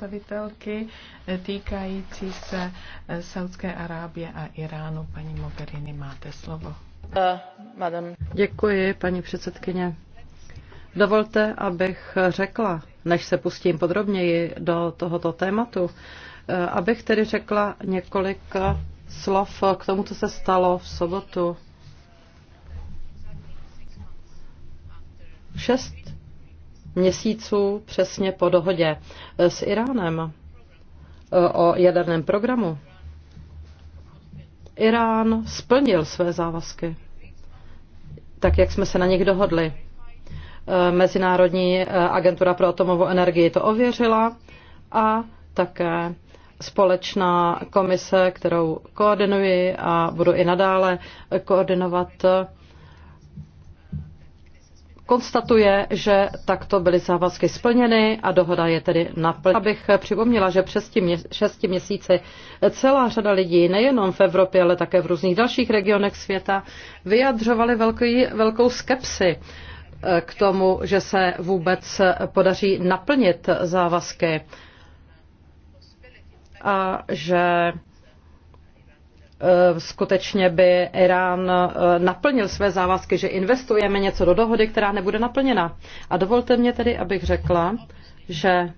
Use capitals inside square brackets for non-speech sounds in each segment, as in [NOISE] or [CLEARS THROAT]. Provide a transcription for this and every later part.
představitelky eh, týkající se eh, Saudské Arábie a Iránu. Paní Mogherini, máte slovo. Eh, Děkuji, paní předsedkyně. Dovolte, abych řekla, než se pustím podrobněji do tohoto tématu, abych tedy řekla několik slov k tomu, co se stalo v sobotu. Šest měsíců přesně po dohodě eh, s Iránem eh, o jaderném programu. Irán splnil své závazky, tak jak jsme se na nich dohodli. Eh, Mezinárodní agentura pro atomovou energii to ověřila a také společná komise, kterou koordinuji a budu i nadále koordinovat, konstatuje, že takto byly závazky splněny a dohoda je tedy naplněna. Abych připomněla, že přes tím šesti měsíci celá řada lidí, nejenom v Evropě, ale také v různých dalších regionech světa, vyjadřovali velký, velkou skepsi eh, k tomu, že se vůbec podaří naplnit závazky a že Eh, skutečně by Irán eh, naplnil své závazky, že investujeme něco do dohody, která nebude naplněna. A dovolte mě tedy, abych řekla, že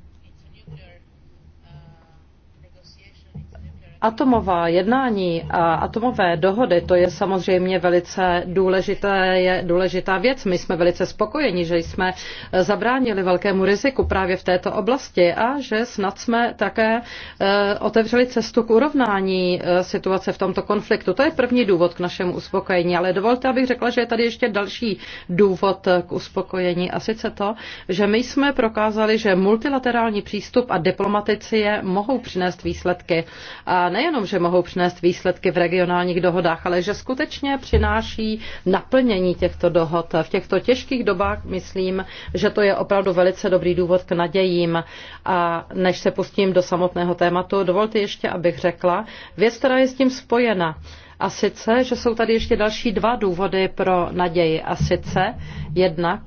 Atomová jednání a atomové dohody, to je samozřejmě velice důležité, je důležitá věc. My jsme velice spokojeni, že jsme zabránili velkému riziku právě v této oblasti a že snad jsme také eh, otevřeli cestu k urovnání eh, situace v tomto konfliktu. To je první důvod k našemu uspokojení, ale dovolte, abych řekla, že je tady ještě další důvod k uspokojení a sice to, že my jsme prokázali, že multilaterální přístup a diplomatici je mohou přinést výsledky. A nejenom, že mohou přinést výsledky v regionálních dohodách, ale že skutečně přináší naplnění těchto dohod. V těchto těžkých dobách myslím, že to je opravdu velice dobrý důvod k nadějím. A než se pustím do samotného tématu, dovolte ještě, abych řekla věc, která je s tím spojena. A sice, že jsou tady ještě další dva důvody pro naději. A sice jednak,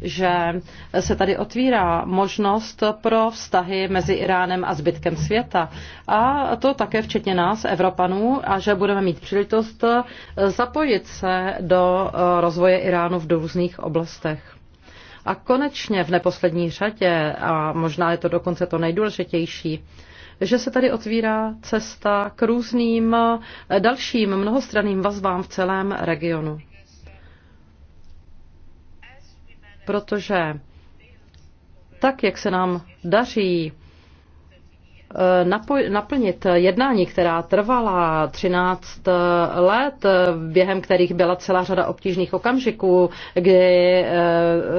že se tady otvírá možnost pro vztahy mezi Iránem a zbytkem světa. A to také včetně nás, Evropanů, a že budeme mít příležitost zapojit se do rozvoje Iránu v různých oblastech. A konečně v neposlední řadě, a možná je to dokonce to nejdůležitější, že se tady otvírá cesta k různým eh, dalším mnohostranným vazbám v celém regionu. Protože tak, jak se nám daří Eh, naplnit jednání, která trvala 13 eh, let, během kterých byla celá řada obtížných okamžiků, kdy eh,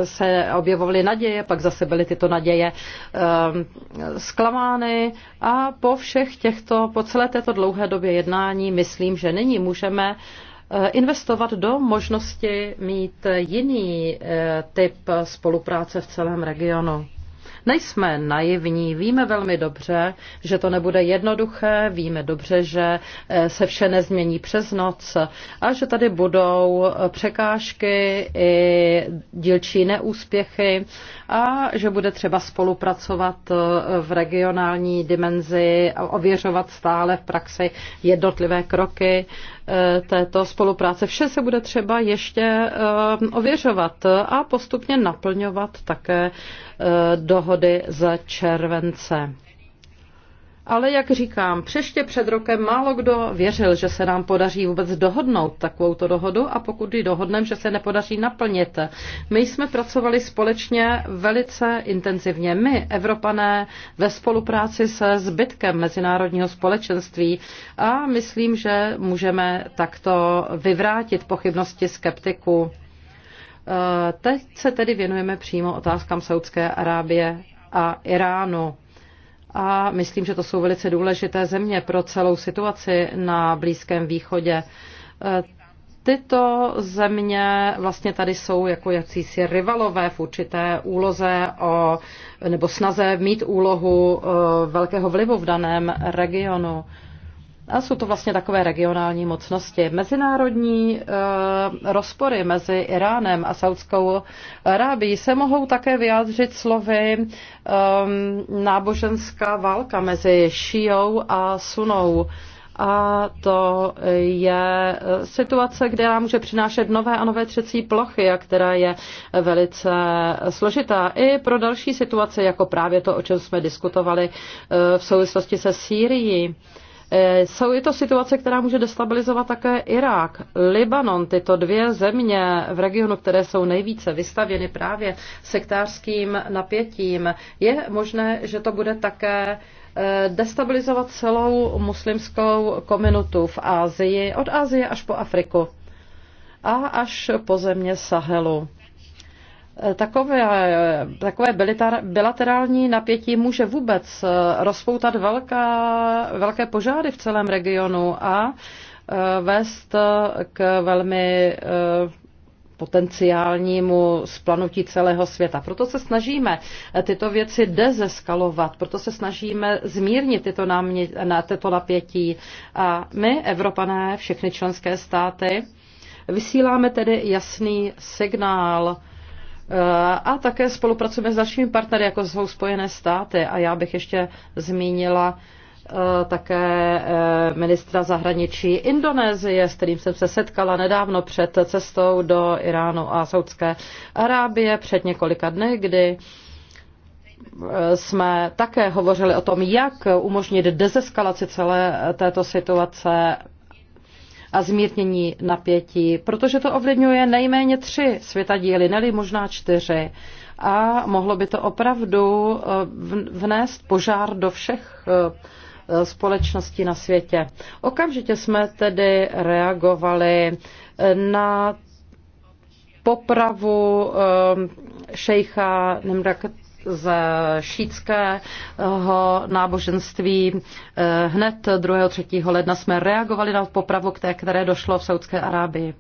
se objevovaly naděje, pak zase byly tyto naděje zklamány a po všech těchto, po celé této dlouhé době jednání myslím, že nyní můžeme investovat do možnosti mít jiný typ spolupráce v celém regionu. Nejsme naivní, víme velmi dobře, že to nebude jednoduché, víme dobře, že eh, se vše nezmění přes noc a že tady budou eh, překážky i dílčí neúspěchy a že bude třeba spolupracovat eh, v regionální dimenzi a ověřovat stále v praxi jednotlivé kroky Eh, této spolupráce. Vše se bude třeba ještě eh, ověřovat a postupně naplňovat také eh, dohody z července. Ale jak říkám, přeště před rokem málo kdo věřil, že se nám podaří vůbec dohodnout takovouto dohodu a pokud ji dohodneme, že se nepodaří naplnit. My jsme pracovali společně velice intenzivně. My, Evropané, ve spolupráci se zbytkem mezinárodního společenství a myslím, že můžeme takto vyvrátit pochybnosti skeptiku. Eh, teď se tedy věnujeme přímo otázkám Saudské Arábie a Iránu a myslím, že to jsou velice důležité země pro celou situaci na Blízkém východě. E, tyto země vlastně tady jsou jako jakýsi rivalové v určité úloze o, nebo snaze mít úlohu e, velkého vlivu v daném regionu. A jsou to vlastně takové regionální mocnosti. Mezinárodní e, rozpory mezi Iránem a Saudskou Arábií se mohou také vyjádřit slovy e, náboženská válka mezi Šijou a Sunou. A to je situace, která může přinášet nové a nové třecí plochy, a která je velice složitá i pro další situace, jako právě to, o čem jsme diskutovali eh, v souvislosti se Sýrií. Eh, jsou je to situace, která může destabilizovat také Irák, Libanon, tyto dvě země v regionu, které jsou nejvíce vystavěny právě sektářským napětím. Je možné, že to bude také eh, destabilizovat celou muslimskou komunitu v Ázii, od Ázie až po Afriku a až po země Sahelu. Takové, takové bilaterální napětí může vůbec eh, rozpoutat velká, velké požáry v celém regionu a eh, vést eh, k velmi potenciálnímu splanutí celého světa. Proto se snažíme tyto věci dezeskalovat, proto se snažíme zmírnit tyto, námě, na tyto napětí. A my, Evropané, všechny členské státy, vysíláme tedy jasný signál, Eh, a také spolupracujeme s dalšími partnery, jako jsou Spojené státy. A já bych ještě zmínila eh, také eh, ministra zahraničí Indonésie, s kterým jsem se setkala nedávno před cestou do Iránu a Saudské Arábie před několika dny, kdy jsme také hovořili o tom, jak umožnit dezeskalaci celé této situace a zmírnění napětí, protože to ovlivňuje nejméně tři světadíly, neli možná čtyři. A mohlo by to opravdu eh, vnést požár do všech eh, společností na světě. Okamžitě jsme tedy reagovali eh, na popravu šejcha Nimrak z šítského náboženství. Eh, hned 2. 3. ledna jsme reagovali na popravu, které, které došlo v Saudské Arábii.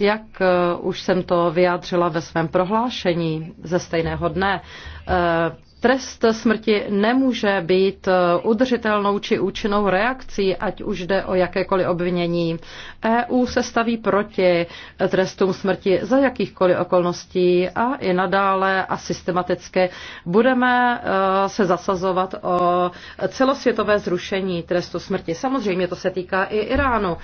Jak eh, už jsem to vyjádřila ve svém prohlášení ze stejného dne, eh, Trest smrti nemůže být eh, udržitelnou či účinnou reakcí, ať už jde o jakékoliv obvinění. EU se staví proti trestům smrti za jakýchkoliv okolností a i nadále a systematicky budeme eh, se zasazovat o celosvětové zrušení trestu smrti. Samozřejmě to se týká i Iránu,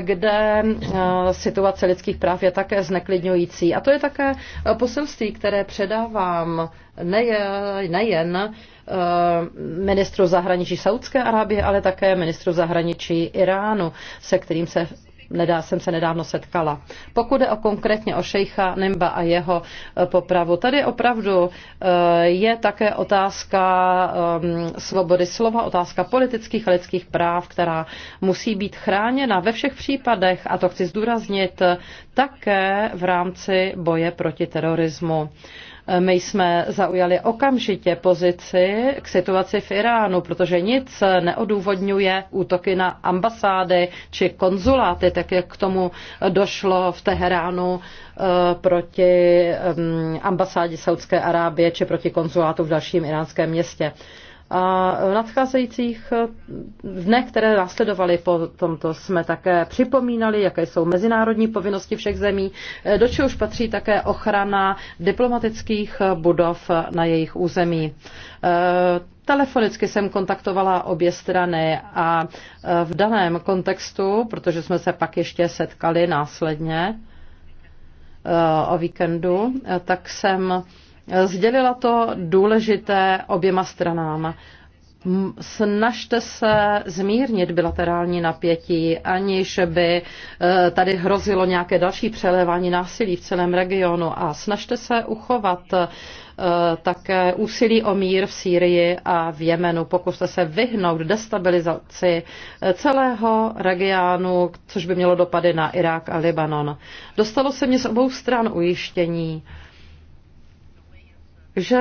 kde eh, situace lidských práv je také zneklidňující. A to je také poselství, které předávám nejen eh, ministru zahraničí Saudské Arábie, ale také ministru zahraničí Iránu, se kterým se nedá, jsem se nedávno setkala. Pokud je o konkrétně o šejcha Nemba a jeho eh, popravu, tady opravdu eh, je také otázka svobody slova, otázka politických a lidských práv, která musí být chráněna ve všech případech, a to chci zdůraznit, také v rámci boje proti terorismu. My jsme zaujali okamžitě pozici k situaci v Iránu, protože nic neodůvodňuje útoky na ambasády či konzuláty, tak jak k tomu došlo v Teheránu eh, proti mm, ambasádě Saudské Arábie či proti konzulátu v dalším iránském městě. A v nadcházejících eh, dnech, které následovaly po tomto, jsme také připomínali, jaké jsou mezinárodní povinnosti všech zemí, eh, do čehož patří také ochrana diplomatických eh, budov na jejich území. Telefonicky jsem kontaktovala obě strany a v daném kontextu, protože jsme se pak ještě setkali následně o víkendu, tak jsem Sdělila to důležité oběma stranám. Snažte se zmírnit bilaterální napětí, aniž by e, tady hrozilo nějaké další přelévání násilí v celém regionu a snažte se uchovat e, také úsilí o mír v Sýrii a v Jemenu. Pokuste se vyhnout destabilizaci e, celého regionu, což by mělo dopady na Irák a Libanon. Dostalo se mě z obou stran ujištění, že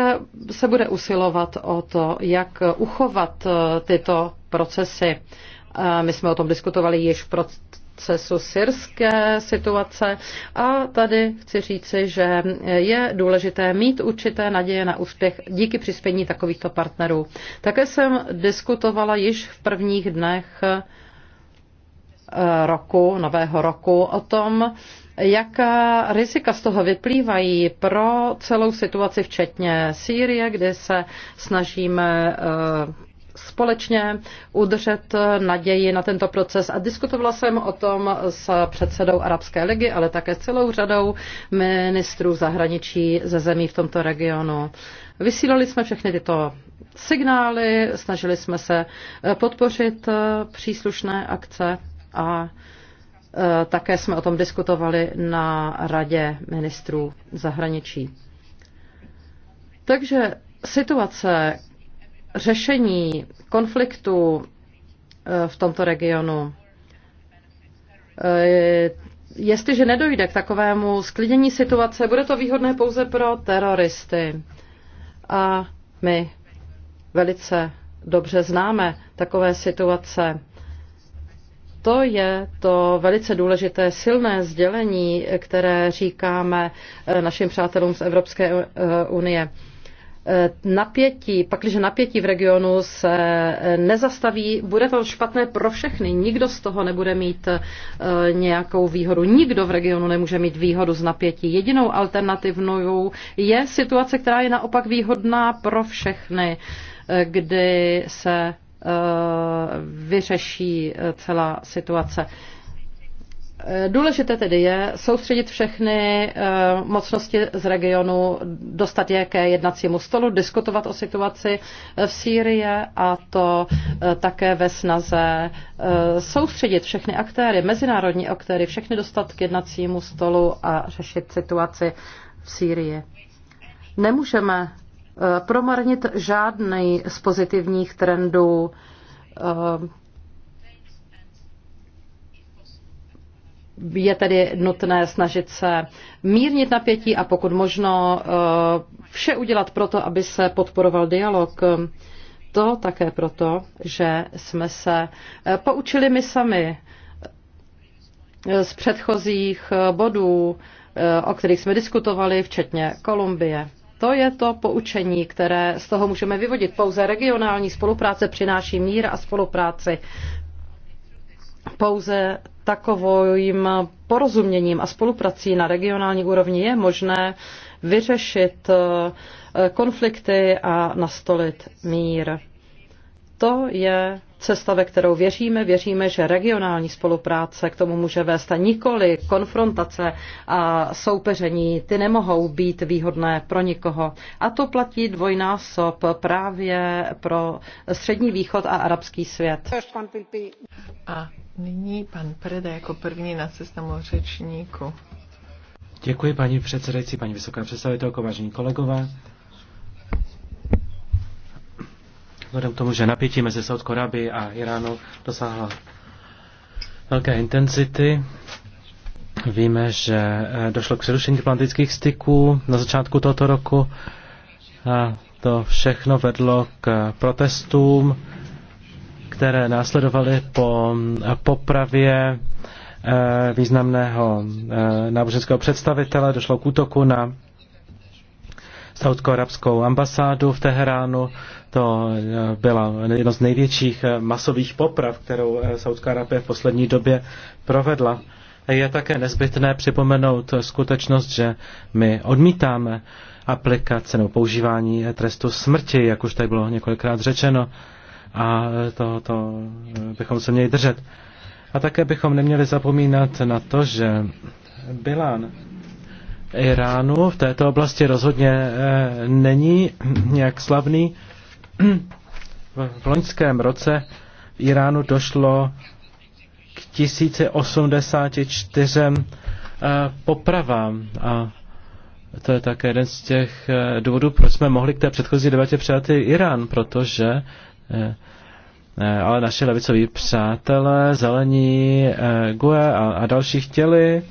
se bude usilovat o to, jak uchovat eh, tyto procesy. Eh, my jsme o tom diskutovali již v procesu syrské situace a tady chci říci, že je důležité mít určité naděje na úspěch díky přispění takovýchto partnerů. Také jsem diskutovala již v prvních dnech roku, nového roku, o tom, jaká rizika z toho vyplývají pro celou situaci, včetně Sýrie, kde se snažíme eh, společně udržet naději na tento proces. A diskutovala jsem o tom s předsedou Arabské ligy, ale také s celou řadou ministrů zahraničí ze zemí v tomto regionu. Vysílali jsme všechny tyto signály, snažili jsme se eh, podpořit eh, příslušné akce a e, také jsme o tom diskutovali na Radě ministrů zahraničí. Takže situace řešení konfliktu e, v tomto regionu, e, jestliže nedojde k takovému sklidění situace, bude to výhodné pouze pro teroristy. A my velice dobře známe takové situace to je to velice důležité silné sdělení, které říkáme eh, našim přátelům z Evropské eh, unie. Eh, napětí, pakliže napětí v regionu se nezastaví, bude to špatné pro všechny. Nikdo z toho nebude mít nějakou výhodu. Nikdo v regionu nemůže mít výhodu z napětí. Jedinou alternativnou je situace, která je naopak výhodná pro všechny, kdy se Eh, vyřeší eh, celá situace. Eh, důležité tedy je soustředit všechny mocnosti z regionu, dostat je ke jednacímu stolu, diskutovat o situaci v Sýrii a to také ve snaze soustředit všechny aktéry, mezinárodní aktéry, všechny dostat k jednacímu stolu a řešit situaci v Sýrii. Nemůžeme Eh, promarnit žádný z pozitivních trendů eh, je tedy nutné snažit se mírnit napětí a pokud možno eh, vše udělat proto, aby se podporoval dialog. To také proto, že jsme se poučili my sami z předchozích bodů, o kterých jsme diskutovali, včetně Kolumbie to je to poučení, které z toho můžeme vyvodit. Pouze regionální spolupráce přináší mír a spolupráci. Pouze takovým porozuměním a spoluprací na regionální úrovni je možné vyřešit eh, konflikty a nastolit mír. To je cesta, ve kterou věříme. Věříme, že regionální spolupráce k tomu může vést a nikoli konfrontace a soupeření. Ty nemohou být výhodné pro nikoho. A to platí dvojnásob právě pro Střední východ a arabský svět. A nyní pan Preda jako první na seznamu řečníku. Děkuji paní předsedající, paní vysoká představitelko, vážení kolegové. vzhledem k tomu, že napětí mezi Saudskou Arábí a Iránu dosáhlo velké intenzity. Víme, že eh, došlo k přerušení diplomatických styků na začátku tohoto roku. A to všechno vedlo k protestům, které následovaly po eh, popravě eh, významného náboženského představitele. Došlo k útoku na saudsko-arabskou ambasádu v Teheránu. To eh, byla jedna z největších eh, masových poprav, kterou eh, Saudská Arábie v poslední době provedla. Je také nezbytné připomenout skutečnost, že my odmítáme aplikace nebo používání trestu smrti, jak už tady bylo několikrát řečeno, a to, to bychom se měli držet. A také bychom neměli zapomínat na to, že Bilán Iránu v této oblasti rozhodně není nějak slavný. V loňském roce v Iránu došlo k 1084 eh, popravám a to je také jeden z těch eh, důvodů, proč jsme mohli k té předchozí debatě přijat i Irán, protože eh, ale naši levicoví přátelé, zelení, GUE a, a další chtěli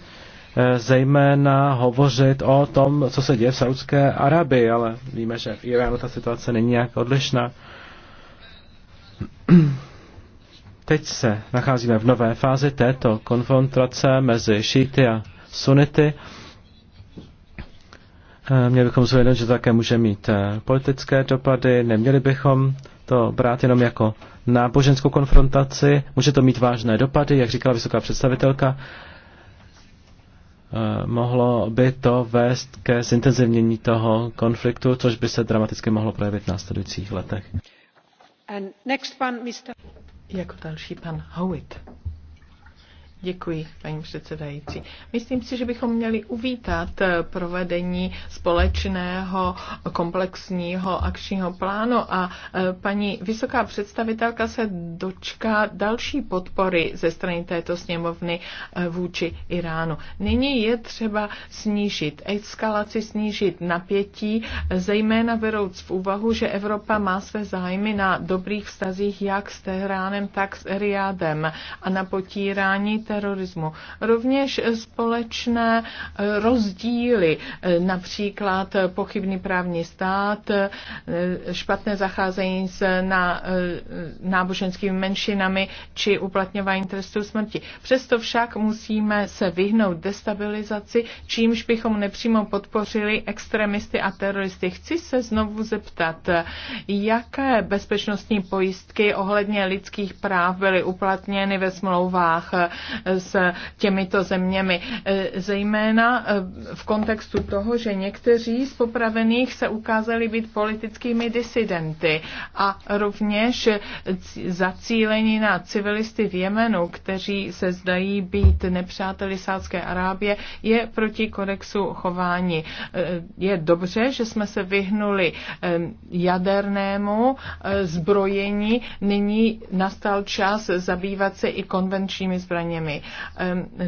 Eh, zejména hovořit o tom, co se děje v Saudské Arabii, ale víme, že v Iránu ta situace není nějak odlišná. [CLEARS THROAT] Teď se nacházíme v nové fázi této konfrontace mezi šíty a sunity. Eh, měli bychom zvědět, že to také může mít eh, politické dopady, neměli bychom to brát jenom jako náboženskou konfrontaci, může to mít vážné dopady, jak říkala vysoká představitelka. Eh, mohlo by to vést ke zintenzivnění toho konfliktu, což by se dramaticky mohlo projevit v následujících letech. Pan, jako další pan Howitt. Děkuji, paní předsedající. Myslím si, že bychom měli uvítat eh, provedení společného komplexního akčního plánu a eh, paní vysoká představitelka se dočká další podpory ze strany této sněmovny eh, vůči Iránu. Nyní je třeba snížit eskalaci, snížit napětí, zejména verouc v úvahu, že Evropa má své zájmy na dobrých vztazích jak s Tehránem, tak s Eriádem a na potírání té terorismu. Rovněž společné eh, rozdíly, eh, například pochybný právní stát, eh, špatné zacházení s na, náboženskými menšinami či uplatňování trestu smrti. Přesto však musíme se vyhnout destabilizaci, čímž bychom nepřímo podpořili extremisty a teroristy. Chci se znovu zeptat, jaké bezpečnostní pojistky ohledně lidských práv byly uplatněny ve smlouvách s těmito zeměmi. Eh, zejména eh, v kontextu toho, že někteří z popravených se ukázali být politickými disidenty a rovněž zacílení na civilisty v Jemenu, kteří se zdají být nepřáteli Sádské Arábie, je proti kodexu chování. Eh, je dobře, že jsme se vyhnuli jadernému zbrojení. Nyní nastal čas zabývat se i konvenčními zbraněmi zemi.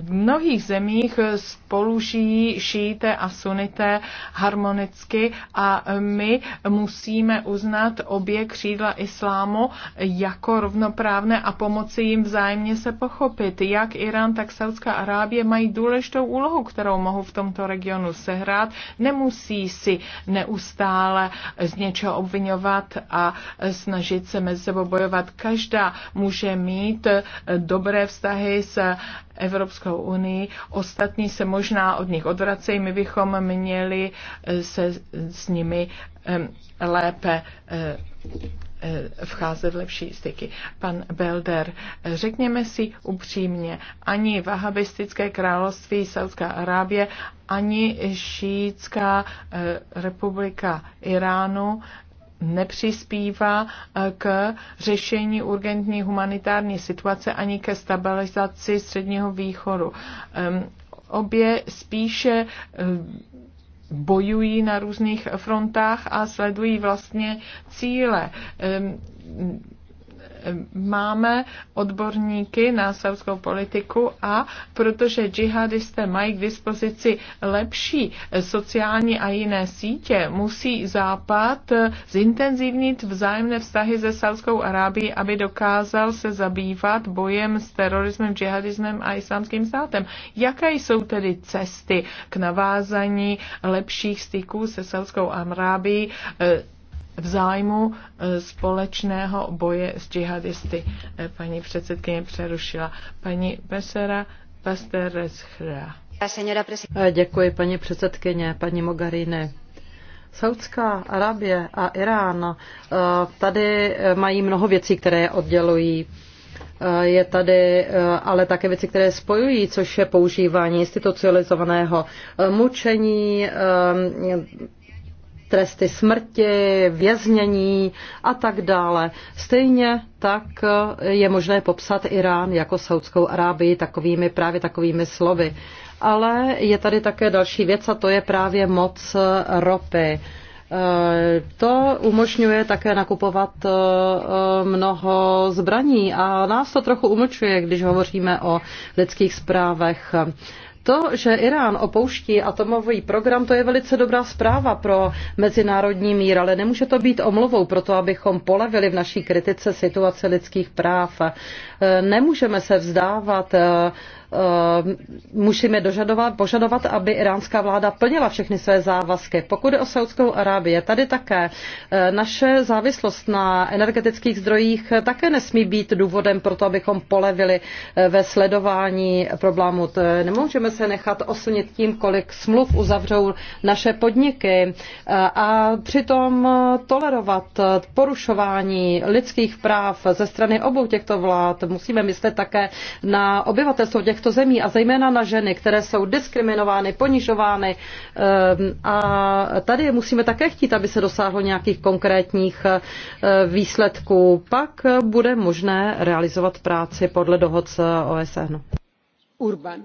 V mnohých zemích spolu žijí šíte a sunité harmonicky a my musíme uznat obě křídla islámu jako rovnoprávné a pomoci jim vzájemně se pochopit. Jak Irán, tak Saudská Arábie mají důležitou úlohu, kterou mohou v tomto regionu sehrát. Nemusí si neustále z něčeho obvinovat a snažit se mezi sebou bojovat. Každá může mít dobré vztahy s Evropskou unii. Ostatní se možná od nich odvracejí, my bychom měli eh, se s nimi lépe eh, eh, vcházet v lepší styky. Pan Belder, řekněme si upřímně, ani vahabistické království Saudská Arábie, ani šítská republika Iránu nepřispívá eh, k řešení urgentní humanitární situace ani ke stabilizaci Středního východu. Obě spíše eh, bojují na různých frontách a sledují vlastně cíle Máme odborníky na saudskou politiku a protože džihadisté mají k dispozici lepší sociální a jiné sítě, musí Západ zintenzivnit vzájemné vztahy se Saudskou Arábií, aby dokázal se zabývat bojem s terorismem, džihadismem a islámským státem. Jaké jsou tedy cesty k navázání lepších styků se Saudskou Arábií? Eh, v zájmu eh, společného boje s džihadisty. Eh, paní předsedkyně přerušila. Paní Besera Pasteres eh, Děkuji, paní předsedkyně, paní Mogarine. Saudská Arabie a Irán tady mají mnoho věcí, které je oddělují. Je tady ale také věci, které spojují, což je používání institucionalizovaného mučení, tresty smrti, věznění a tak dále. Stejně tak je možné popsat Irán jako Saudskou Arábii takovými právě takovými slovy. Ale je tady také další věc a to je právě moc ropy. Eh, to umožňuje také nakupovat eh, eh, mnoho zbraní a nás to trochu umlčuje, když hovoříme o lidských zprávech. To, že Irán opouští atomový program, to je velice dobrá zpráva pro mezinárodní mír, ale nemůže to být omluvou pro to, abychom polevili v naší kritice situace lidských práv. Eh, nemůžeme se vzdávat eh, eh, musíme dožadovat, požadovat, aby iránská vláda plnila všechny své závazky. Pokud je o Saudskou Arábie, tady také naše závislost na energetických zdrojích také nesmí být důvodem pro to, abychom polevili ve sledování problémů. Nemůžeme se nechat oslnit tím, kolik smluv uzavřou naše podniky a přitom tolerovat porušování lidských práv ze strany obou těchto vlád musíme myslet také na obyvatelstvo těchto zemí a zejména na ženy, které jsou diskriminovány, ponižovány. Ehm, a tady musíme také chtít, aby se dosáhlo nějakých konkrétních eh, výsledků. Pak bude možné realizovat práci podle dohod s OSN. Urban.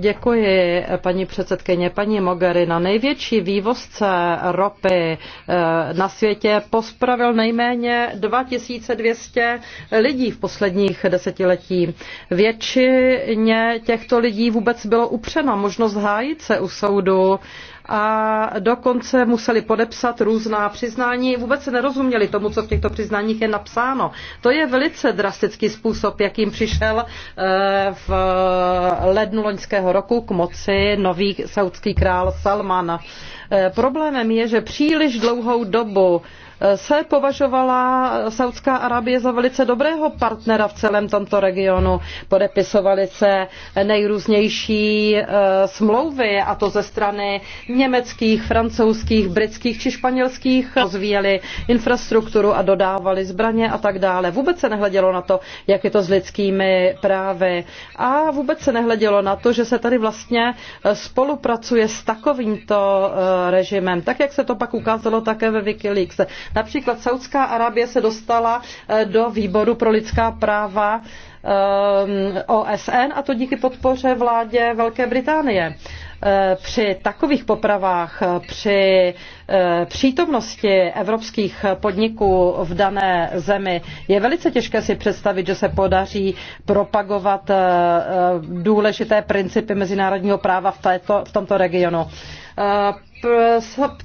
Děkuji, paní předsedkyně. Paní Mogherina, největší vývozce ropy eh, na světě pospravil nejméně 2200 lidí v posledních desetiletí. Většině těchto lidí vůbec bylo upřena možnost hájit se u soudu a dokonce museli podepsat různá přiznání. Vůbec se nerozuměli tomu, co v těchto přiznáních je napsáno. To je velice drastický způsob, jakým přišel eh, v lednu loňského roku k moci nový saudský král Salman. Eh, problémem je, že příliš dlouhou dobu se považovala Saudská Arábie za velice dobrého partnera v celém tomto regionu. Podepisovaly se nejrůznější eh, smlouvy, a to ze strany německých, francouzských, britských či španělských. Rozvíjeli infrastrukturu a dodávali zbraně a tak dále. Vůbec se nehledělo na to, jak je to s lidskými právy. A vůbec se nehledělo na to, že se tady vlastně eh, spolupracuje s takovýmto eh, režimem. Tak, jak se to pak ukázalo také ve Wikileaks. Například Saudská Arábie se dostala eh, do výboru pro lidská práva eh, OSN a to díky podpoře vládě Velké Británie. Eh, při takových popravách, při přítomnosti evropských podniků v dané zemi je velice těžké si představit, že se podaří propagovat důležité principy mezinárodního práva v, této, v tomto regionu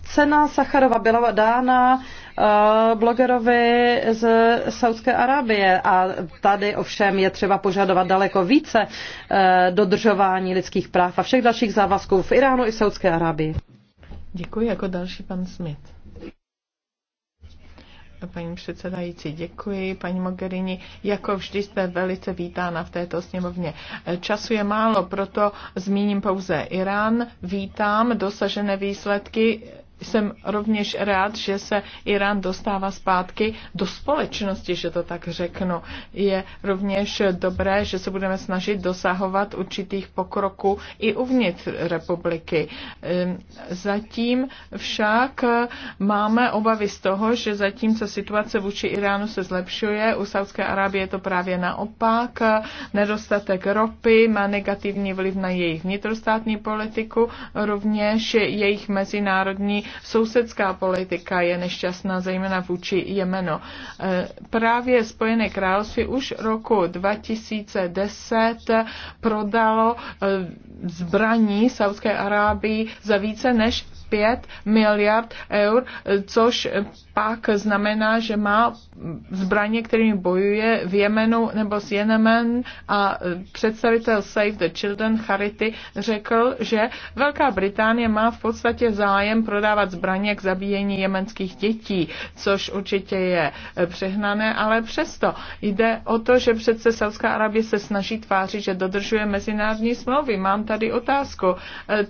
Cena Sacharova byla dána eh, blogerovi z Saudské Arábie a tady ovšem je třeba požadovat daleko více eh, dodržování lidských práv a všech dalších závazků v Iránu i v Saudské Arábii. Děkuji jako další pan Smith paní předsedající, děkuji, paní Mogherini. Jako vždy jste velice vítána v této sněmovně. Času je málo, proto zmíním pouze Irán. Vítám dosažené výsledky jsem rovněž rád, že se Irán dostává zpátky do společnosti, že to tak řeknu. Je rovněž dobré, že se budeme snažit dosahovat určitých pokroků i uvnitř republiky. Ehm, zatím však máme obavy z toho, že zatímco situace vůči Iránu se zlepšuje, u Saudské Arábie je to právě naopak. Nedostatek ropy má negativní vliv na jejich vnitrostátní politiku, rovněž jejich mezinárodní Sousedská politika je nešťastná, zejména vůči Jemenu. E, právě Spojené království už roku 2010 prodalo e, zbraní Saudské Arábii za více než 5 miliard eur, což pak znamená, že má zbraně, kterými bojuje v Jemenu nebo s Jemen a představitel Save the Children Charity řekl, že Velká Británie má v podstatě zájem prodávat zbraně k zabíjení jemenských dětí, což určitě je přehnané, ale přesto jde o to, že přece Saudská Arabie se snaží tvářit, že dodržuje mezinárodní smlouvy. Mám tady otázku.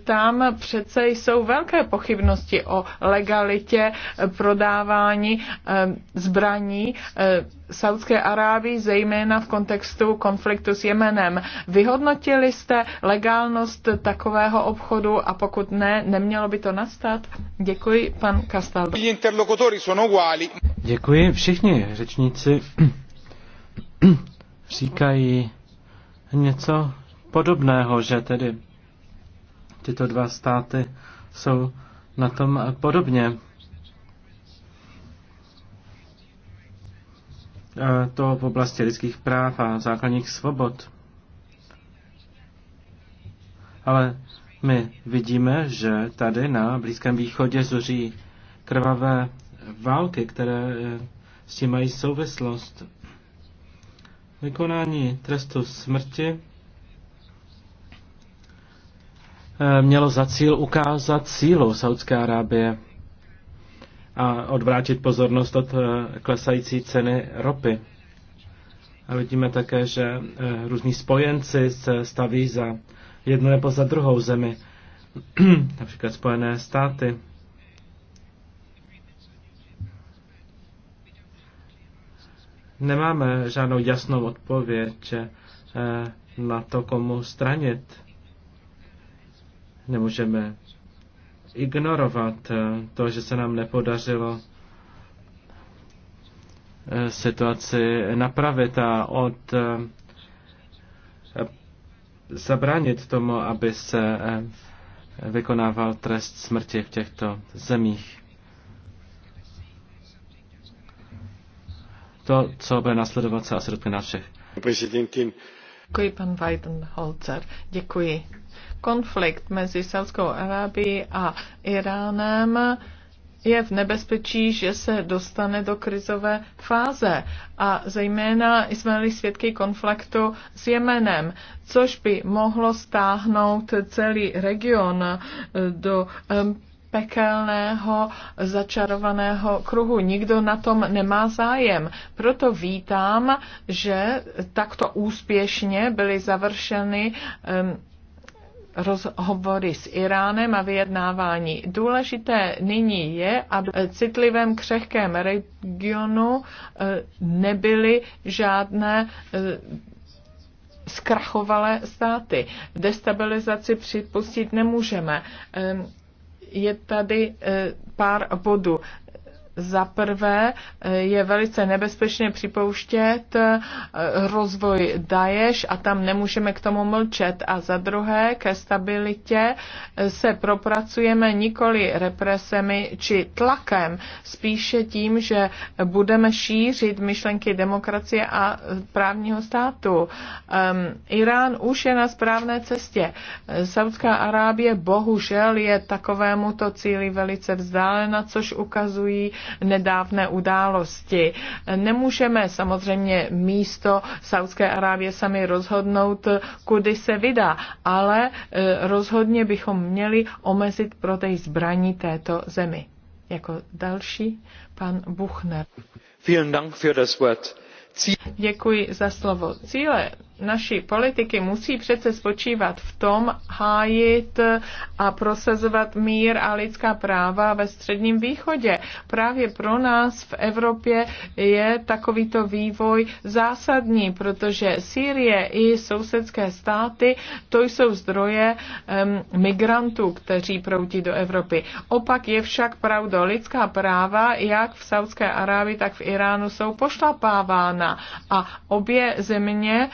Tam přece jsou velké pochybnosti o legalitě prodávání eh, zbraní eh, Saudské Arábii, zejména v kontextu konfliktu s Jemenem. Vyhodnotili jste legálnost takového obchodu a pokud ne, nemělo by to nastat? Děkuji, pan Castaldo. Děkuji. Všichni řečníci [CLEARS THROAT] říkají něco podobného, že tedy tyto dva státy jsou na tom podobně. To v oblasti lidských práv a základních svobod. Ale my vidíme, že tady na Blízkém východě zuří krvavé války, které eh, s tím mají souvislost. Vykonání trestu smrti Eh, mělo za cíl ukázat sílu Saudské Arábie a odvrátit pozornost od eh, klesající ceny ropy. A vidíme také, že eh, různí spojenci se staví za jednu nebo za druhou zemi, [CLEARS THROAT] například Spojené státy. Nemáme žádnou jasnou odpověď na to, komu stranit Nemůžeme ignorovat eh, to, že se nám nepodařilo eh, situaci napravit a od eh, zabránit tomu, aby se vykonával trest smrti v těchto zemích. To, co bude následovat, se asi dotkne nás všech. Děkuji, pan Weidenholzer. Děkuji. Konflikt mezi Saudskou Arábií a Iránem je v nebezpečí, že se dostane do krizové fáze. A zejména jsme měli svědky konfliktu s Jemenem, což by mohlo stáhnout celý region eh, do pekelného začarovaného kruhu. Nikdo na tom nemá zájem. Proto vítám, že takto úspěšně byly završeny um, rozhovory s Iránem a vyjednávání. Důležité nyní je, aby v citlivém křehkém regionu e, nebyly žádné e, zkrachovalé státy. Destabilizaci připustit nemůžeme je tady eh, pár bodů. Za prvé eh, je velice nebezpečné připouštět eh, rozvoj Daješ a tam nemůžeme k tomu mlčet. A za druhé ke stabilitě eh, se propracujeme nikoli represemi či tlakem, spíše tím, že budeme šířit myšlenky demokracie a právního státu. Um, Irán už je na správné cestě. Saudská Arábie bohužel je takovému to cíli velice vzdálena, což ukazují nedávné události. Nemůžeme samozřejmě místo Saudské Arábie sami rozhodnout, kudy se vydá, ale e, rozhodně bychom měli omezit prodej zbraní této zemi. Jako další pan Buchner. Vielen Dank für das Wort. Děkuji za slovo. Cíle naší politiky musí přece spočívat v tom hájit a prosazovat mír a lidská práva ve středním východě. Právě pro nás v Evropě je takovýto vývoj zásadní, protože Sýrie i sousedské státy to jsou zdroje um, migrantů, kteří proudí do Evropy. Opak je však pravdo. Lidská práva jak v Saudské Arábii, tak v Iránu jsou pošlapávána a obě země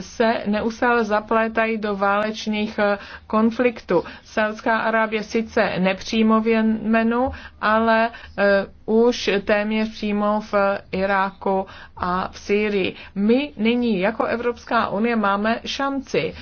se neustále zaplétají do válečných eh, konfliktů. Saudská Arábie sice nepřímo v Jemenu, ale eh, už téměř přímo v Iráku a v Sýrii. My nyní jako Evropská unie máme šanci,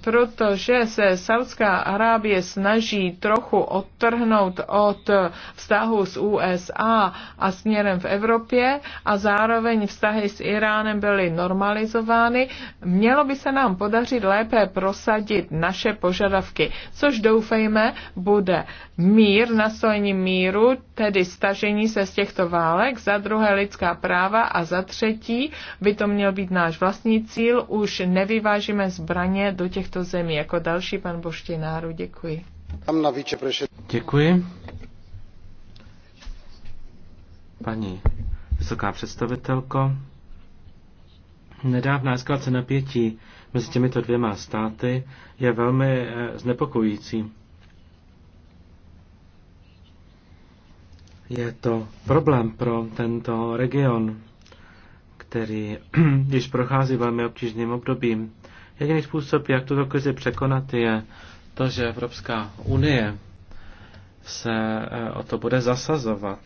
protože se Saudská Arábie snaží trochu odtrhnout od vztahu s USA a směrem v Evropě a zároveň vztahy s Iránem byly normalizovány. Mělo by se nám podařit lépe prosadit naše požadavky, což doufejme bude mír, nastojení míru, tedy stažení se z těchto válek, za druhé lidská práva a za třetí by to měl být náš vlastní cíl, už nevyvážíme zbraně do těchto zemí. Jako další pan Boštináru, děkuji. Děkuji. Paní vysoká představitelko, Nedávná eskalace napětí mezi těmito dvěma státy je velmi eh, znepokojící. je to problém pro tento region, který [CLEARS THROAT] již prochází velmi obtížným obdobím. Jediný způsob, jak tuto krizi překonat, je to, že Evropská unie se eh, o to bude zasazovat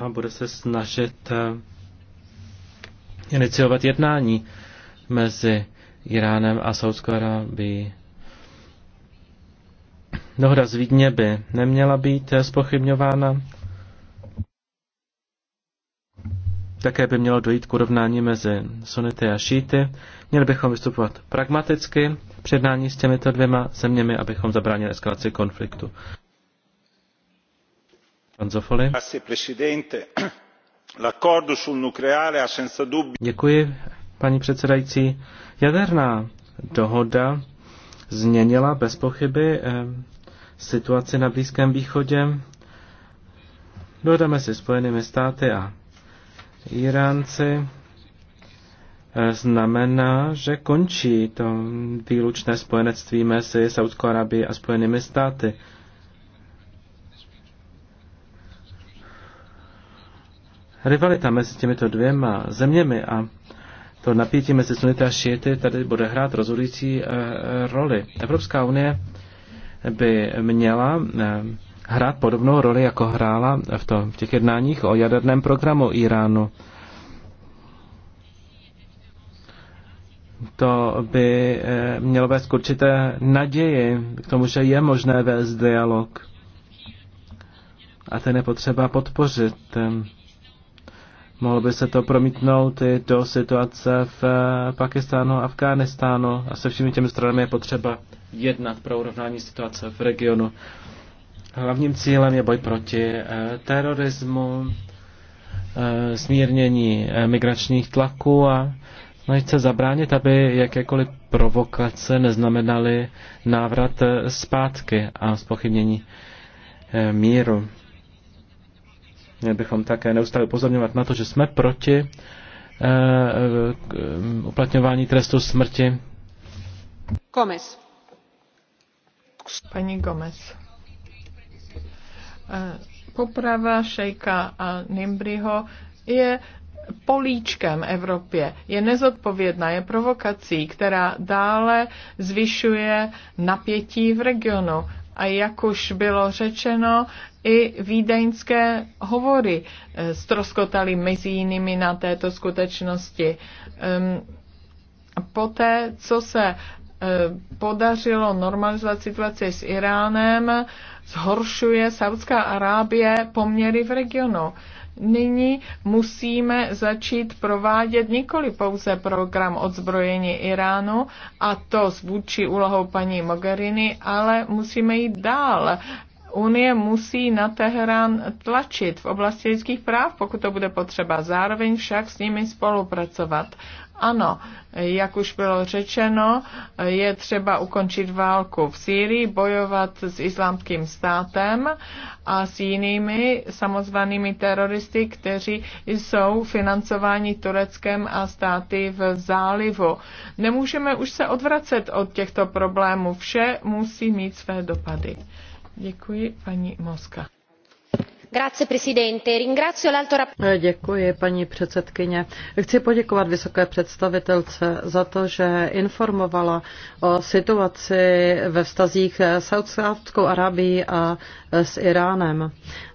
a bude se snažit eh, iniciovat jednání mezi Iránem a Saudskou Arábií. Dohoda z Vídně by neměla být spochybňována. Také by mělo dojít k urovnání mezi sunity a šíty. Měli bychom vystupovat pragmaticky přednání s těmito dvěma zeměmi, abychom zabránili eskalaci konfliktu. Pan Zofoli. Děkuji, paní předsedající. Jaderná dohoda změnila bez pochyby eh, situaci na Blízkém východě. Dojdeme si Spojenými státy a Iránci eh, znamená, že končí to výlučné spojenectví mezi Saudskou Arabií a Spojenými státy. Rivalita mezi těmito dvěma zeměmi a to napětí mezi sunity a šíty tady bude hrát rozhodující e, roli. Evropská unie e, by měla eh, hrát podobnou roli, jako hrála v, tom, v těch jednáních o jaderném programu Iránu. To by eh, mělo vést k určité naději k tomu, že je možné vést dialog. A ten je potřeba podpořit. Mohlo by se to promítnout i do situace v eh, Pakistánu, Afghánistánu a se všemi těmi stranami je potřeba jednat pro urovnání situace v regionu. Hlavním cílem je boj proti eh, terorismu, eh, smírnění migračních tlaků a snažit se zabránit, aby jakékoliv provokace neznamenaly návrat zpátky a spochybnění míru. Měli bychom také neustále upozorňovat na to, že jsme proti eh, uplatňování trestu smrti. Gomez. Paní Gomez. Eh, poprava šejka a nimbriho je políčkem Evropě, je nezodpovědná, je provokací, která dále zvyšuje napětí v regionu a jak už bylo řečeno, i vídeňské hovory stroskotaly eh, mezi jinými na této skutečnosti. Ehm, poté, co se eh, podařilo normalizovat situaci s Iránem, zhoršuje Saudská Arábie poměry v regionu. Nyní musíme začít provádět nikoli pouze program odzbrojení Iránu, a to s vůči úlohou paní Mogherini, ale musíme jít dál Unie musí na Teherán tlačit v oblasti lidských práv, pokud to bude potřeba. Zároveň však s nimi spolupracovat. Ano, jak už bylo řečeno, je třeba ukončit válku v Sýrii, bojovat s islámským státem a s jinými samozvanými teroristy, kteří jsou financováni Tureckem a státy v zálivu. Nemůžeme už se odvracet od těchto problémů. Vše musí mít své dopady. Děkuji, paní Moska. Eh, děkuji, předsedkyně. Chci poděkovat vysoké představitelce za to, že informovala o situaci ve vztazích s Saudskou Arábií a s Iránem.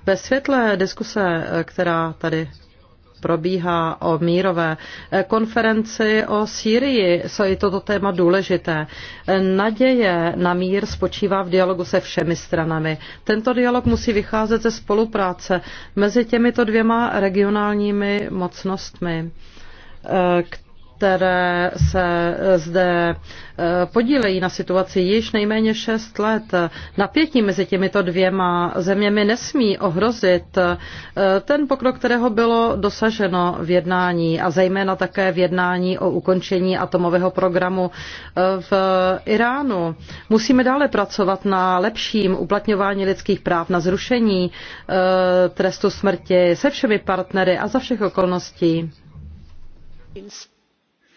Ve světle diskuse, která tady probíhá o mírové konferenci o Sýrii, co je toto téma důležité. Naděje na mír spočívá v dialogu se všemi stranami. Tento dialog musí vycházet ze spolupráce mezi těmito dvěma regionálními mocnostmi, které eh, které se zde eh, podílejí na situaci již nejméně 6 let. Napětí mezi těmito dvěma zeměmi nesmí ohrozit eh, ten pokrok, kterého bylo dosaženo v jednání a zejména také v jednání o ukončení atomového programu eh, v Iránu. Musíme dále pracovat na lepším uplatňování lidských práv, na zrušení trestu smrti se všemi partnery a za všech okolností.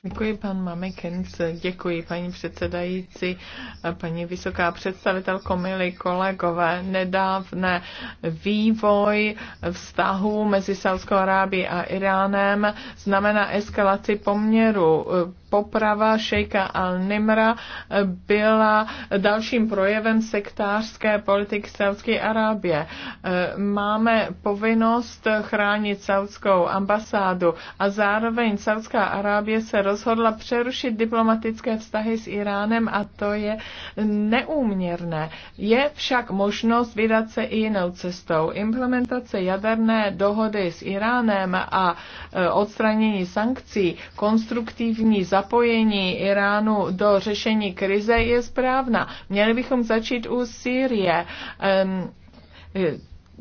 Děkuji, pan Mamekens, děkuji, paní předsedající, paní vysoká představitelko, milí kolegové. Nedávné vývoj vztahu mezi Saudskou Arábií a Iránem znamená eskalaci poměru poprava šejka al-Nimra byla dalším projevem sektářské politiky Saudské Arábie. Máme povinnost chránit saudskou ambasádu a zároveň Saudská Arábie se rozhodla přerušit diplomatické vztahy s Iránem a to je neúměrné. Je však možnost vydat se i jinou cestou. Implementace jaderné dohody s Iránem a e, odstranění sankcí, konstruktivní zapojení zapojení Iránu do řešení krize je správná. Měli bychom začít u Sýrie.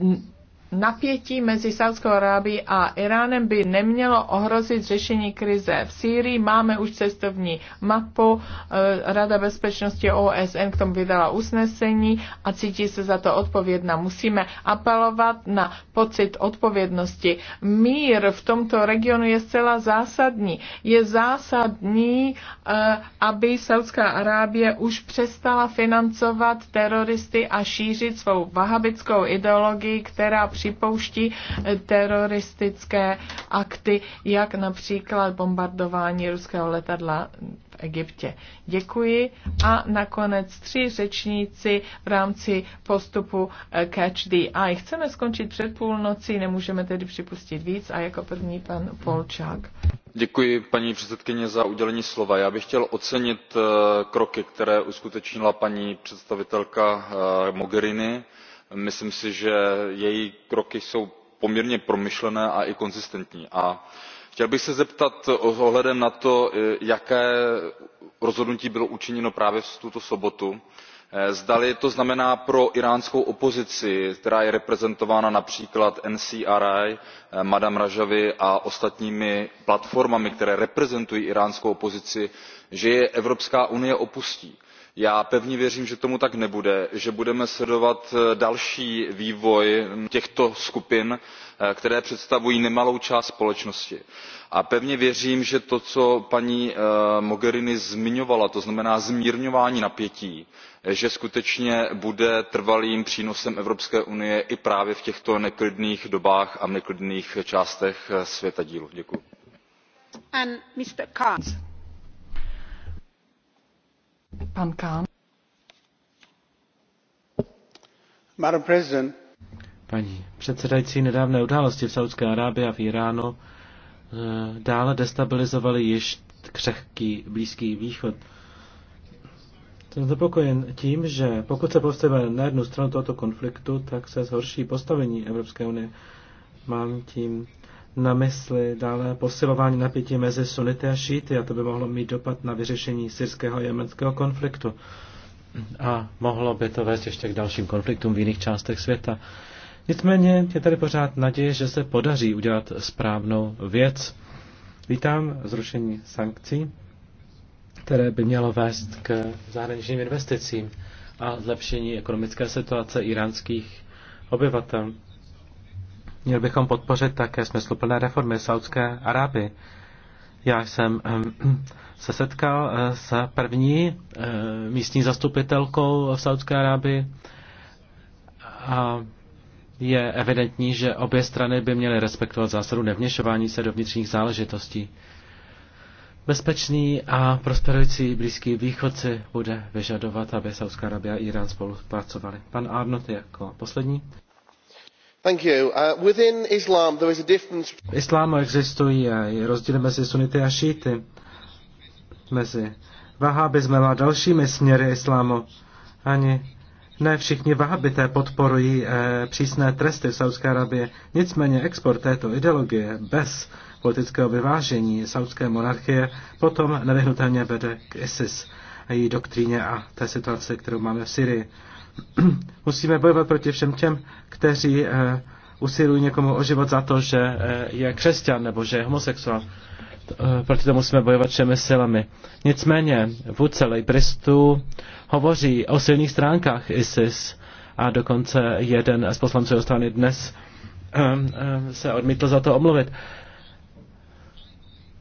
Um, napětí mezi Saudskou Arábií a Iránem by nemělo ohrozit řešení krize. V Sýrii máme už cestovní mapu, eh, Rada bezpečnosti OSN k tomu vydala usnesení a cítí se za to odpovědná. Musíme apelovat na pocit odpovědnosti. Mír v tomto regionu je zcela zásadní. Je zásadní, eh, aby Saudská Arábie už přestala financovat teroristy a šířit svou vahabickou ideologii, která připouští teroristické akty, jak například bombardování ruského letadla v Egyptě. Děkuji. A nakonec tři řečníci v rámci postupu eh, Catch the Eye. Chceme skončit před půlnocí, nemůžeme tedy připustit víc a jako první pan Polčák. Děkuji paní předsedkyně za udělení slova. Já bych chtěl ocenit eh, kroky, které uskutečnila paní představitelka eh, Mogherini myslím si že její kroky jsou poměrně promyšlené a i konzistentní. chtěl bych se zeptat s ohledem na to eh, jaké rozhodnutí bylo učiněno právě v tuto sobotu eh, zdali to znamená pro íránskou opozici která je reprezentována například ncri eh, madam Rajavi a ostatními platformami které reprezentují íránskou opozici že je evropská unie opustí já pevně věřím že tomu tak nebude že budeme sledovat eh, další vývoj těchto skupin eh, které představují nemalou část společnosti a pevně věřím že to co paní eh, mogheriniová zmiňovala to znamená zmírňování napětí že skutečně bude trvalým přínosem evropské unie i právě v těchto neklidných dobách a neklidných částech světadílu. děkuji. Pan Kán. Madam President. Paní předsedající, nedávné události v Saudské Arábii a v Iránu eh, dále destabilizovaly již křehký Blízký východ. Jsem zapokojen tím, že pokud se postavíme na jednu stranu tohoto konfliktu, tak se zhorší postavení Evropské unie. Mám tím na mysli dále posilování napětí mezi sunity a šíty a to by mohlo mít dopad na vyřešení syrského a jemenského konfliktu. A mohlo by to vést ještě k dalším konfliktům v jiných částech světa. Nicméně je tady pořád naděje, že se podaří udělat správnou věc. Vítám zrušení sankcí, které by mělo vést k zahraničním investicím a zlepšení ekonomické situace iránských obyvatel. Měl bychom podpořit také smysluplné reformy Saudské Arábie. Já jsem ehm, [CLEARS THROAT] se setkal eh, s první eh, místní zastupitelkou v Saudské Arábii a je evidentní, že obě strany by měly respektovat zásadu nevněšování se do vnitřních záležitostí. Bezpečný a prosperující Blízký východ si bude vyžadovat, aby Saudská Arábie a Irán spolupracovali. Pan Arnott jako poslední. Uh, v islámu existují rozdíly mezi sunity a šíty, mezi vahabismem a dalšími směry islámu. Ani ne všichni vahabité podporují eh, přísné tresty v Saudské Arabii. Nicméně export této ideologie bez politického vyvážení saudské monarchie potom nevyhnutelně vede k ISIS a její doktríně a té situaci, kterou máme v Syrii. [CLEARS THROAT] Musíme bojovat proti všem těm, kteří eh, usilují někomu o život za to, že eh, je křesťan nebo že je homosexuál. Eh, proti tomu musíme bojovat všemi silami. Nicméně vůdce lejbristů hovoří o silných stránkách ISIS a dokonce jeden z poslanců strany dnes se odmítl za to omluvit.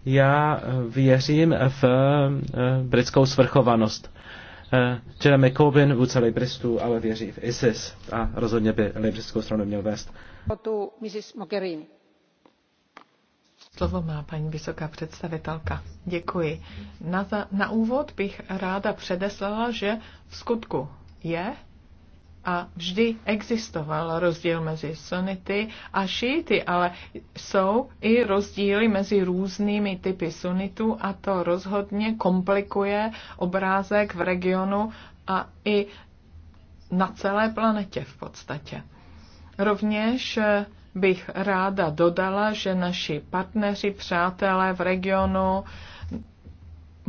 Já věřím v britskou svrchovanost. Eh, Jeremy Corbyn, vůdce Libristů, ale věří v ISIS a rozhodně by Libristskou stranu měl vést. Slovo má paní vysoká představitelka. Děkuji. Na, za, na úvod bych ráda předeslala, že v skutku je a vždy existoval rozdíl mezi sunity a šíty, ale jsou i rozdíly mezi různými typy sunitů a to rozhodně komplikuje obrázek v regionu a i na celé planetě v podstatě. Rovněž bych ráda dodala, že naši partneři, přátelé v regionu,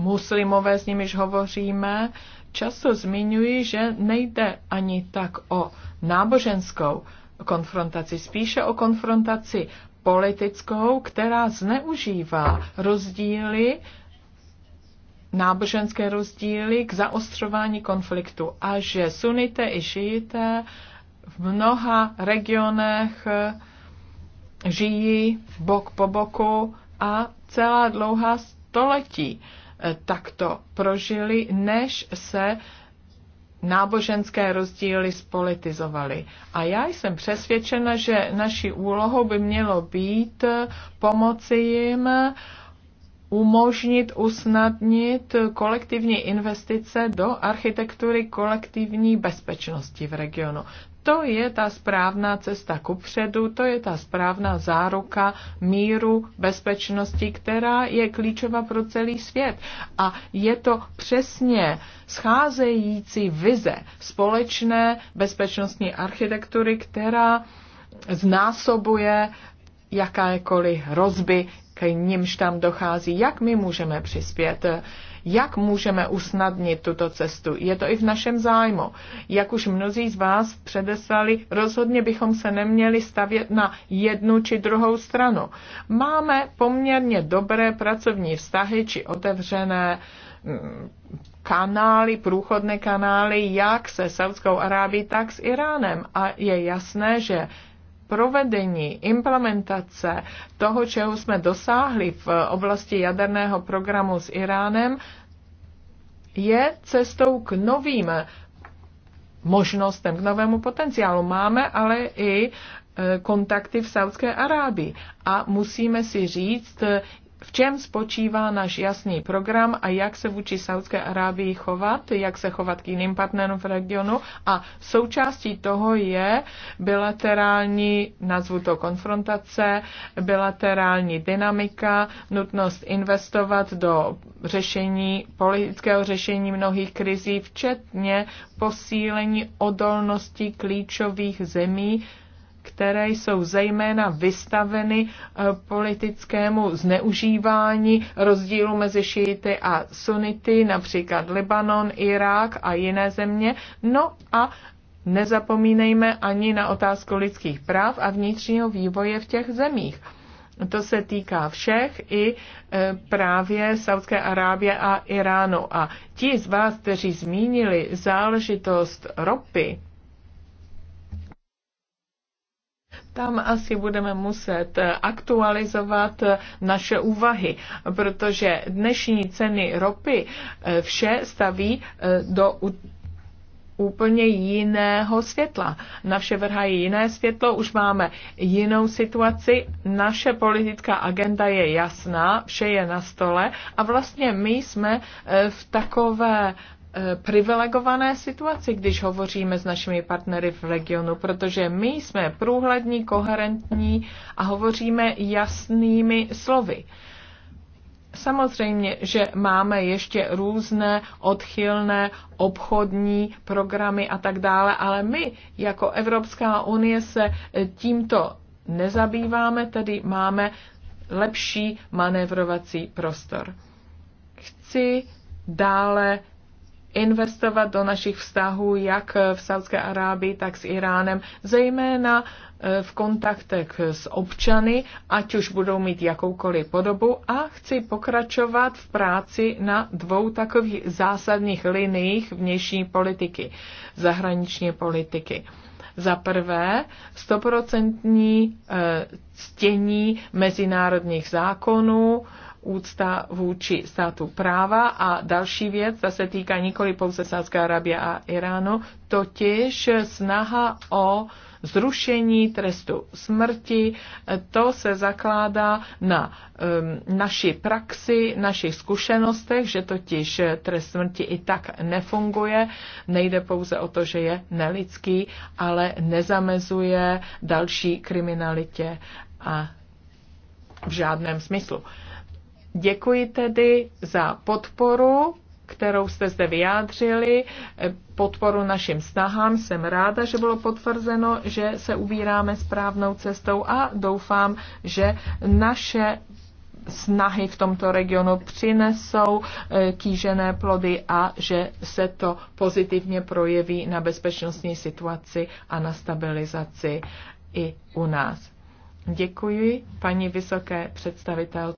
muslimové, s nimiž hovoříme, často zmiňují, že nejde ani tak o náboženskou konfrontaci, spíše o konfrontaci politickou, která zneužívá rozdíly, náboženské rozdíly k zaostřování konfliktu a že sunité i šijité v mnoha regionech žijí bok po boku a celá dlouhá století takto prožili, než se náboženské rozdíly spolitizovaly. A já jsem přesvědčena, že naší úlohou by mělo být pomoci jim umožnit, usnadnit kolektivní investice do architektury kolektivní bezpečnosti v regionu. To je ta správná cesta předu, to je ta správná záruka míru, bezpečnosti, která je klíčová pro celý svět. A je to přesně scházející vize společné bezpečnostní architektury, která znásobuje jakékoliv hrozby, k nimž tam dochází. Jak my můžeme přispět? Jak můžeme usnadnit tuto cestu? Je to i v našem zájmu. Jak už mnozí z vás předeslali, rozhodně bychom se neměli stavět na jednu či druhou stranu. Máme poměrně dobré pracovní vztahy či otevřené mm, kanály, průchodné kanály, jak se Saudskou Arábí, tak s Iránem. A je jasné, že provedení, implementace toho, čeho jsme dosáhli v oblasti jaderného programu s Iránem, je cestou k novým možnostem, k novému potenciálu. Máme ale i e, kontakty v Saudské Arábii a musíme si říct, v čem spočívá náš jasný program a jak se vůči Saudské Arábii chovat, jak se chovat k jiným partnerům v regionu a součástí toho je bilaterální, nazvu to konfrontace, bilaterální dynamika, nutnost investovat do řešení, politického řešení mnohých krizí, včetně posílení odolnosti klíčových zemí, které jsou zejména vystaveny eh, politickému zneužívání rozdílu mezi šíity a sunity, například Libanon, Irák a jiné země. No a nezapomínejme ani na otázku lidských práv a vnitřního vývoje v těch zemích. To se týká všech i eh, právě Saudské Arábie a Iránu. A ti z vás, kteří zmínili záležitost ropy, Tam asi budeme muset aktualizovat naše úvahy, protože dnešní ceny ropy eh, vše staví eh, do úplně jiného světla. vše vrhají jiné světlo, už máme jinou situaci, naše politická agenda je jasná, vše je na stole a vlastně my jsme eh, v takové Eh, privilegované situaci, když hovoříme s našimi partnery v regionu, protože my jsme průhlední, koherentní a hovoříme jasnými slovy. Samozřejmě, že máme ještě různé odchylné obchodní programy a tak dále, ale my jako Evropská unie se eh, tímto nezabýváme, tedy máme lepší manévrovací prostor. Chci dále investovat do našich vztahů jak v Saudské Arábii, tak s Iránem, zejména e, v kontaktech s občany, ať už budou mít jakoukoliv podobu a chci pokračovat v práci na dvou takových zásadních liniích vnější politiky, zahraniční politiky. Za prvé, stoprocentní ctění e, mezinárodních zákonů, úcta vůči státu práva. A další věc, ta se týká nikoli pouze Sádské Arabie a Iránu, totiž snaha o zrušení trestu smrti. To se zakládá na um, naší praxi, našich zkušenostech, že totiž trest smrti i tak nefunguje. Nejde pouze o to, že je nelidský, ale nezamezuje další kriminalitě a v žádném smyslu. Děkuji tedy za podporu, kterou jste zde vyjádřili, podporu našim snahám. Jsem ráda, že bylo potvrzeno, že se ubíráme správnou cestou a doufám, že naše snahy v tomto regionu přinesou e, kýžené plody a že se to pozitivně projeví na bezpečnostní situaci a na stabilizaci i u nás. Děkuji paní vysoké představitel.